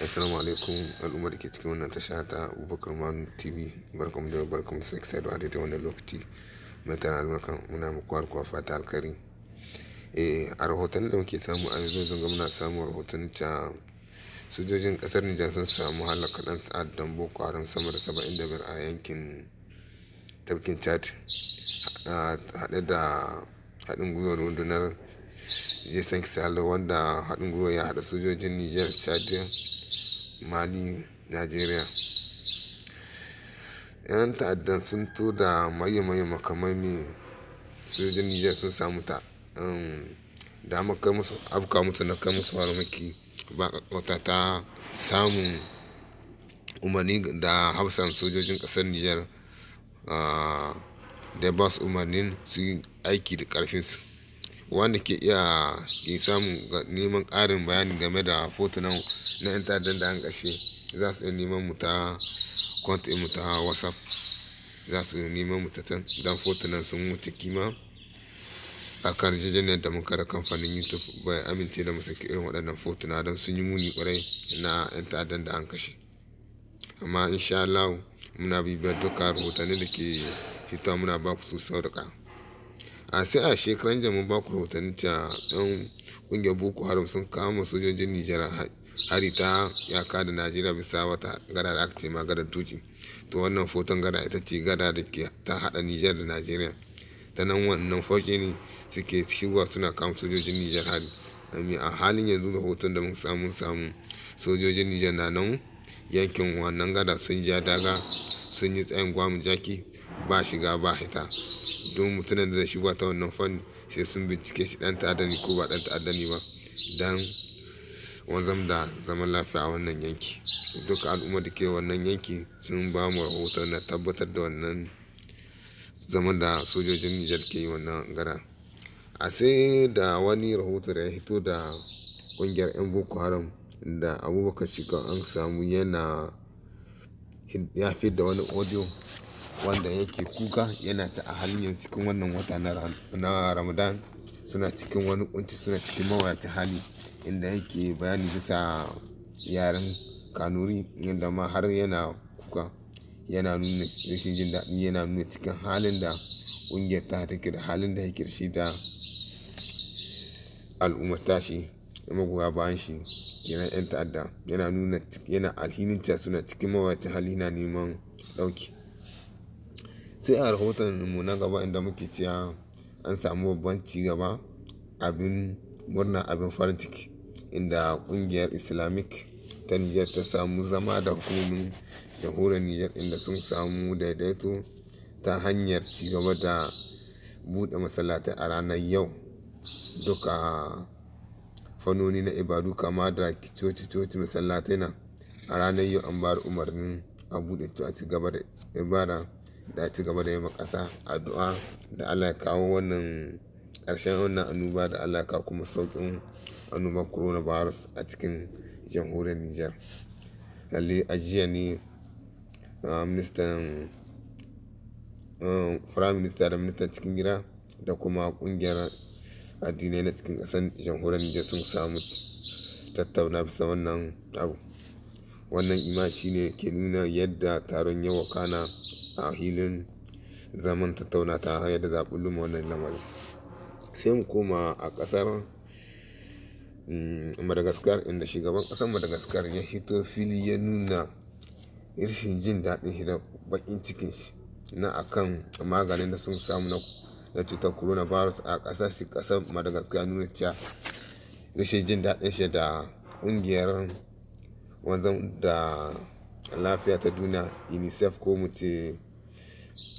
Assalamu alaikum al'ummar da ke cikin wannan tasha ta Abubakar Manu TV barkamu da barkamu sai ka sadu a wannan lokaci mai tana albarka muna muku harkuwa fata alkari eh a rahoton da muke samu a yanzu zanga muna samun rahoton ta sojojin kasar Nijar sun samu halaka dan sa'ad dan Boko Haram sama da 75 a yankin tafkin Chad haɗe da haɗin gwiwar rundunar Jason kisalo wanda haɗin gwiwa ya haɗa sojojin Nijar Chad mali najeriya yan ta'adda sun tura maye-maye su sojin nijar sun samu ta um, da kai musu afka musu na kai musu farmaki ba kakauta ta samun umarni da hafsan sojojin kasar nijar uh, da ba su umarnin su yi aiki da karfinsu wanda ke iya samun neman ƙarin bayani game da fotunan na 'yan ta'addan da an kashe za su neman mu ta kwanta mu ta whatsapp za su neman mu ta dan fotunan sun mutu kima a kan jijiyar da muka da kamfanin youtube bai amince da masaki irin waɗannan fotuna don sun yi muni kwarai na 'yan da an kashe amma insha Allah muna bibiyar duka rahotanni da ke hita muna ba ku su sauraka a sai a shekaran jamin baku rahotanni ta yan kungiyar boko haram sun kama sojojin nijar hari ta yaka da najeriya bisa wata gada da aka ce ma gada tuci to wannan foton gada ita ce gada da ke ta hada nijar da najeriya ta nan wannan fauki ne suke shigowa suna kama sojojin nijar hari a halin yanzu da hoton da mun samu samu sojojin nijar na nan yankin wannan gada sun ja daga sun yi tsayin gwamu jaki ba shiga ba hita don mutumin da shi ta wannan fanni sai sun bincike shi dan ta'adda ko ba dan ta'adda ba dan wanzam da zaman lafiya a wannan yanki duk al'umma da ke wannan yanki sun ba mu rahoton na tabbatar da wannan zaman da sojojin nijar ke yi wannan gara a sai da wani rahoto da ya hito da kungiyar 'yan boko haram da abubakar shiga an samu yana ya fi da wani audio wanda yake kuka yana ta a halin cikin wannan wata na ramadan suna cikin wani kunci suna cikin mawayacin hali inda yake bayani bisa yaren kanuri yadda ma har yana kuka yana nuna rashin jin daɗi yana nuna cikin halin da ƙungiyar ta take da halin da yake shi da al'ummar tashi da magoya bayan shi kenan 'yan ta'adda yana nuna yana alhinin suna cikin mawayacin hali na neman ɗauki sai a rahoton mu na gaba inda muke cewa an samu babban cigaba abin murna abin farin ciki inda kungiyar islamic ta niger ta samu zama da hukumomin jamhuriyar niger inda sun samu daidaito ta hanyar cigaba da buɗe masallatai a ranar yau duka fannoni na ibadu kama da coci-coci masallatai na a ranar yau an bar umarnin a buɗe a gaba da ibada da ci gaba da yi kasa addu'a da Allah ya kawo wannan ƙarshen wannan annoba da Allah ya kawo kuma saukin annobar coronavirus a cikin jamhuriyar niger Lalle ajiya ne ah, ministan firayim ah, minista da ministan cikin gida da kuma ƙungiyar addinai na cikin kasan jamhuriyar Nijar sun samu tattauna bisa wannan abu. Wannan ima shine ke nuna yadda taron yawa kana a hilin zaman tattauna ta hanyar da a ɓullo wannan lamarin. Sai mu koma a ƙasar mm, Madagascar inda shugaban ƙasar Madagascar ya hito fili ya nuna rashin jin daɗin shi da baƙin cikin shi na akan maganin da sun samu na cutar coronavirus a ƙasar shi ƙasar Madagascar nuna cewa rashin jin daɗin shi da ƙungiyar wanzan da lafiya ta duniya unicef ko mu ce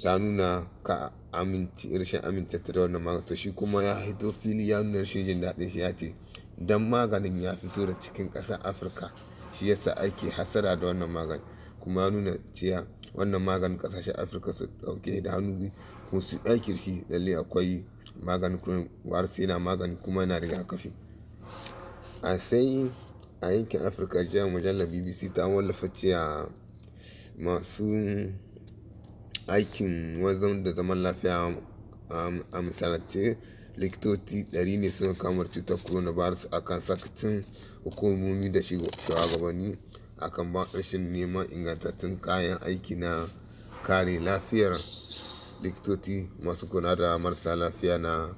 ta nuna ka aminci rashin amince da wannan maganin to shi kuma ya hito fili ya nuna rashin jin daɗin shi ya ce dan maganin ya fito da cikin ƙasar afirka shi yasa ake hasara da wannan maganin kuma ya nuna cewa wannan maganin ƙasashen afirka su ɗauke da hannu biyu kuma su aiki shi lalle akwai maganin kuma war sai na magani kuma yana kafi a sai a yankin afirka jiya mujallar bbc ta wallafa cewa masu aikin wanzan da zaman lafiya a misalance likitoci 100 ne suka kamar cutar coronavirus a kan sakacin hukumomi da shugabanni a kan rashin neman ingantattun kayan aiki na kare lafiyar likitoci masu kuna da marasa lafiya na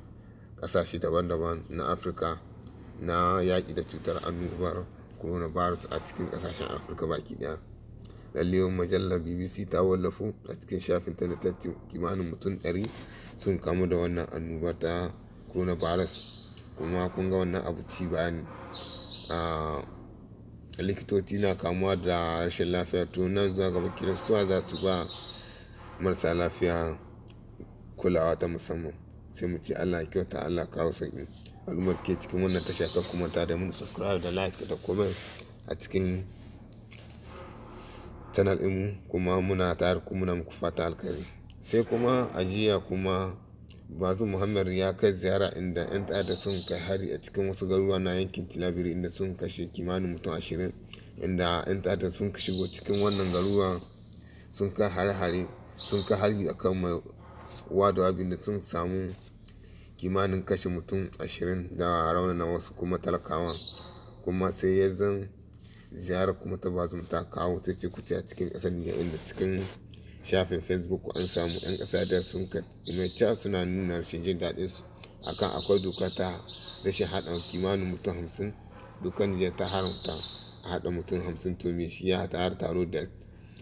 kasashe daban-daban na afirka na yaƙi da cutar annobar coronavirus a cikin kasashen afirka baki daya lallewar majalar bbc ta wallafu a cikin shafin ta na kimanin mutum 100 sun kamu da wannan annubar ta coronavirus kuma kun ga wannan abu ci bayani ne likitoci na kamuwa da rashin lafiya to nan zuwa gaba kiran suwa za su ba marasa lafiya kulawa ta musamman sai mu ce allah kyauta allah kawo sauƙi al'ummar ke cikin wannan tasha kuma ta da mun subscribe da like da comment a cikin channel ɗin kuma muna tare kuma muna muku fata alkari sai kuma a jiya kuma bazu muhammad ya kai ziyara inda 'yan ta'adda sun kai hari a cikin wasu garuruwa na yankin tilabiri inda sun kashe kimanin mutum ashirin inda 'yan ta'adda sun shigo cikin wannan garuruwa sun kai hare-hare sun kai harbi a kan mai wadawa da sun samu kimanin kashe mutum ashirin da raunana wasu kuma talakawa kuma sai ya zan ziyarar kuma ta ba ta kawo ta ce kuce a cikin kasar nijar inda cikin shafin facebook an samu 'yan kasa da sun ka suna nuna rashin jin daɗin su akan akwai doka ta rashin haɗa kimanin mutum hamsin dokar nijar ta haramta a haɗa mutum hamsin to me shi ya har taro da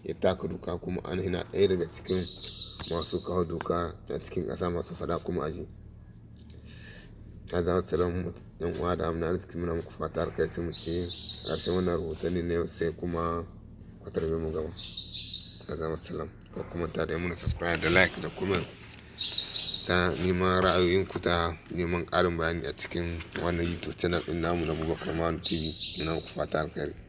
ya taka doka kuma an hina ɗaya daga cikin masu kawo doka a cikin ƙasa masu fada kuma aji Azama salam yan uwa da amna arziki muna muku fata har kai sai mu ci ƙarshen wannan rahotanni ne sai kuma ku tarbe mu gaba. Azama salam ka kuma ta da muna subscribe da like da comment ta neman ku ta neman ƙarin bayani a cikin wannan youtube channel ɗin namu na Bubakar Manu TV muna muku fata kai.